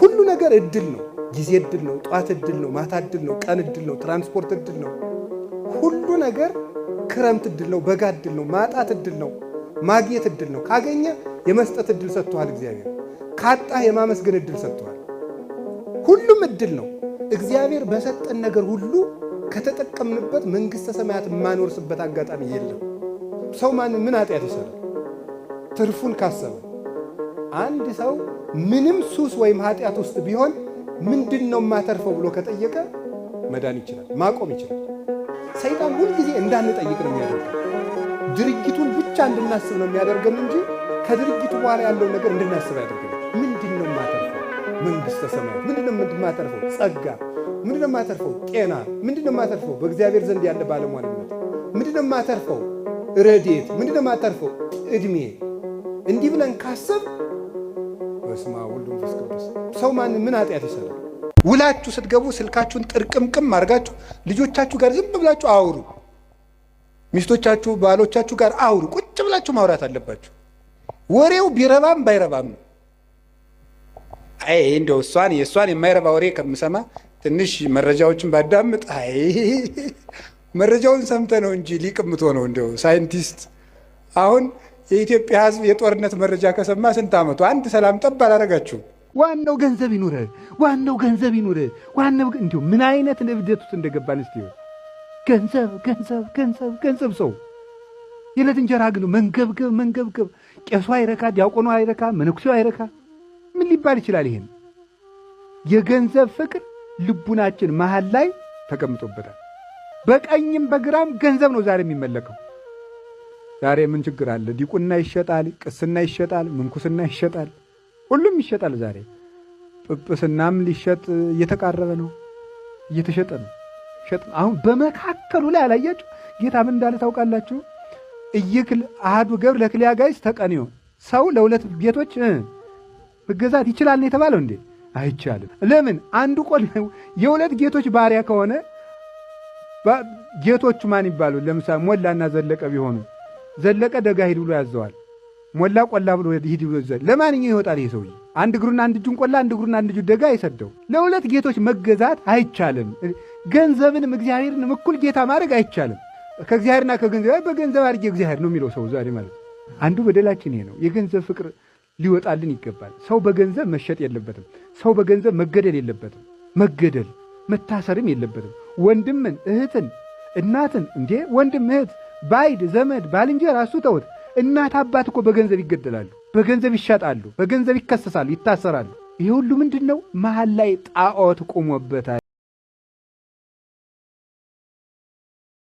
ሁሉ ነገር እድል ነው። ጊዜ እድል ነው። ጠዋት እድል ነው። ማታ እድል ነው። ቀን እድል ነው። ትራንስፖርት እድል ነው። ሁሉ ነገር ክረምት እድል ነው። በጋ እድል ነው። ማጣት እድል ነው። ማግኘት እድል ነው። ካገኘ የመስጠት እድል ሰጥቷል እግዚአብሔር። ካጣ የማመስገን እድል ሰጥቷል። ሁሉም እድል ነው። እግዚአብሔር በሰጠን ነገር ሁሉ ከተጠቀምንበት መንግሥተ ሰማያት የማኖርስበት አጋጣሚ የለም። ሰው ማን ምን ኃጢአት ይሰራል? ትርፉን ካሰበ አንድ ሰው ምንም ሱስ ወይም ኃጢአት ውስጥ ቢሆን ምንድን ነው የማተርፈው ብሎ ከጠየቀ መዳን ይችላል፣ ማቆም ይችላል። ሰይጣን ሁልጊዜ እንዳንጠይቅ ነው የሚያደርገው። ድርጊቱን ብቻ እንድናስብ ነው የሚያደርገን እንጂ ከድርጊቱ በኋላ ያለው ነገር እንድናስብ ያደርገን። ምንድን ነው የማተርፈው? መንግሥተ ሰማያት። ምንድን ነው የማተርፈው? ጸጋ። ምንድን ነው የማተርፈው? ጤና። ምንድን ነው የማተርፈው? በእግዚአብሔር ዘንድ ያለ ባለሟልነት። ምንድን ነው የማተርፈው? ረዴት። ምንድን ነው የማተርፈው? ዕድሜ። እንዲህ ብለን ካሰብ በስመ አብ ወወልድ ወመንፈስ ቅዱስ። ሰው ማን ምን ኃጢአት ይሰራል? ውላችሁ ስትገቡ ስልካችሁን ጥርቅምቅም አድርጋችሁ ልጆቻችሁ ጋር ዝም ብላችሁ አውሩ። ሚስቶቻችሁ፣ ባሎቻችሁ ጋር አውሩ። ቁጭ ብላችሁ ማውራት አለባችሁ። ወሬው ቢረባም ባይረባም ነው። አይ እንደው እሷን የእሷን የማይረባ ወሬ ከምሰማ ትንሽ መረጃዎችን ባዳምጥ። አይ መረጃውን ሰምተ ነው እንጂ ሊቅምቶ ነው እንደው ሳይንቲስት አሁን የኢትዮጵያ ሕዝብ የጦርነት መረጃ ከሰማ ስንት ዓመቱ? አንድ ሰላም ጠብ አላረጋችሁም። ዋናው ገንዘብ ይኑረ፣ ዋናው ገንዘብ ይኑረ፣ ዋናው እንዲሁ ምን አይነት እብደት ውስጥ እንደገባን እስቲ ገንዘብ ገንዘብ ገንዘብ ገንዘብ ሰው የዕለት እንጀራ ግን መንገብገብ መንገብገብ። ቄሱ አይረካ፣ ዲያቆኑ አይረካ፣ መነኩሴው አይረካ። ምን ሊባል ይችላል? ይሄን የገንዘብ ፍቅር ልቡናችን መሃል ላይ ተቀምጦበታል። በቀኝም በግራም ገንዘብ ነው ዛሬ የሚመለከው። ዛሬ ምን ችግር አለ? ዲቁና ይሸጣል፣ ቅስና ይሸጣል፣ ምንኩስና ይሸጣል፣ ሁሉም ይሸጣል። ዛሬ ጵጵስናም ሊሸጥ እየተቃረበ ነው፣ እየተሸጠ ነው። ሸጥ አሁን በመካከሉ ላይ አላያችሁ ጌታ ምን እንዳለ ታውቃላችሁ? እይክል አህዱ ገብር ለክልያ ጋይስ ተቀንዮ ሰው ለሁለት ጌቶች መገዛት ይችላል ነው የተባለው እንዴ? አይቻልም። ለምን? አንዱ ቆል የሁለት ጌቶች ባሪያ ከሆነ ጌቶቹ ማን ይባሉ? ለምሳሌ ሞላና ዘለቀ ቢሆኑ ዘለቀ ደጋ ሂድ ብሎ ያዘዋል። ሞላ ቆላ ብሎ ሂድ ብሎ ይዘል። ለማንኛው ይወጣል ይሄ ሰውዬ? አንድ እግሩና አንድ እጁን ቆላ፣ አንድ እግሩና አንድ እጁ ደጋ አይሰደው። ለሁለት ጌቶች መገዛት አይቻልም። ገንዘብንም እግዚአብሔርንም እኩል ጌታ ማድረግ አይቻልም። ከእግዚአብሔርና ከገንዘብ በገንዘብ አድርጌ እግዚአብሔር ነው የሚለው ሰው ዛሬ ማለት አንዱ በደላችን ይሄ ነው። የገንዘብ ፍቅር ሊወጣልን ይገባል። ሰው በገንዘብ መሸጥ የለበትም። ሰው በገንዘብ መገደል የለበትም። መገደል መታሰርም የለበትም። ወንድምን እህትን እናትን እንዴ ወንድም እህት ባይድ ዘመድ ባልንጀራ እሱ ተውት። እናት አባት እኮ በገንዘብ ይገደላሉ፣ በገንዘብ ይሻጣሉ፣ በገንዘብ ይከሰሳሉ፣ ይታሰራሉ። ይህ ሁሉ ምንድን ነው? መሀል ላይ ጣዖት ቆሞበታል።